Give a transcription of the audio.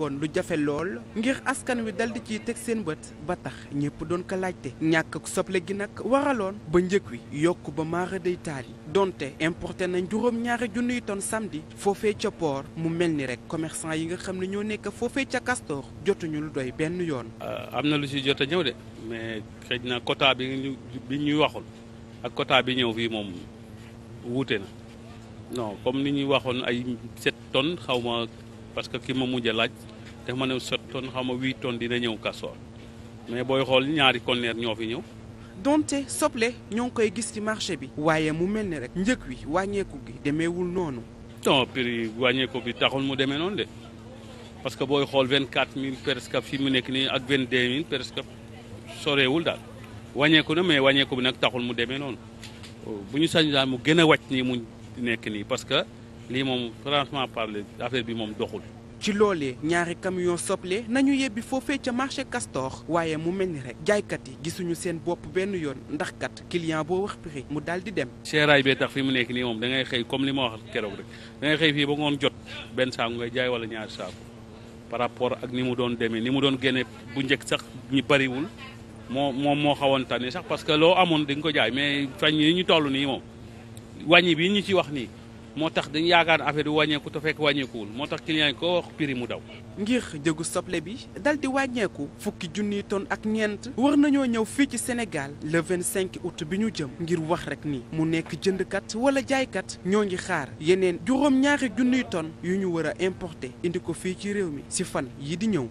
nekkoon lu jafe lool ngir askan wi dal di ciy teg seen bët ba tax ñëpp doon ko laajte ñàkk soble gi nag waraloon ba njëg wi yokk ba maara day taal yi donte importé nañ juróom-ñaari junniy tonnes samedi foofee ca port mu mel ni rek commerçant yi nga xam ne ñoo nekk foofee ca Castor jotuñu lu doy benn yoon. Euh, am na lu si jot a ñëw de mais xëj na quota bi ñuy waxul ak quota bi ñëw fii moom wuute na non comme ni ñuy waxoon ay sept tonnes xaw parce que ki ma mujj laaj def ma ne sept tonnes xam ma huit ton dina ñëw Castor mais booy xool ñaari conteneur ñoo fi ñëw. donte soble ñoo ngi koy gis ci marché bi. waaye mu mel ni rek njëg wi wàññeeku gi demeewul noonu. non prix wàññeeku bi taxul mu demee noonu de parce que booy xool vingt quatre mille presque fi mu nekk nii ak vingt deux mille presque soreewul daal wàññeeku na mais wàññeeku bi nag taxul mu demee noonu bu ñu sañ daal mu gën a wàcc nii mu nekk nii parce que. lii moom franchement parler affaire bi moom doxul. ci loolee ñaari camion soble nañu yebbi foofee ca marché Castor waaye mu mel ni rek jaaykat yi gisuñu seen bopp benn yoon ndax kat client boo wax prix mu daal di dem. seeraay bee tax fi mu nekk nii moom dangay xëy comme li ma wax keroog rek da xëy fii ba ngoon jot benn saako ngay jaay wala ñaari saako par rapport ak ni mu doon demee ni mu doon génne bu njëkk sax ñu bariwul moo moom moo xawoon tane sax parce que loo amoon di ko jaay mais fañ yi ñu toll nii moom wàññi bi ñu ci wax nii. moo tax dañu yaakaar affaire yi wàññeeku te fekk wàññeekuwul moo tax client yi ko wax prix mu daw. ngir njëgu soble bi dal di wàññeeku fukki junniy tonnes ak ñeent war nañoo ñëw fii ci Sénégal le 25 août bi ñu jëm ngir wax rek ni mu nekk jëndkat wala jaaykat ñoo ngi xaar yeneen juróom ñaari junniy tonnes yu ñu war a importer indi ko fii ci réew mi si fan yi di ñëw.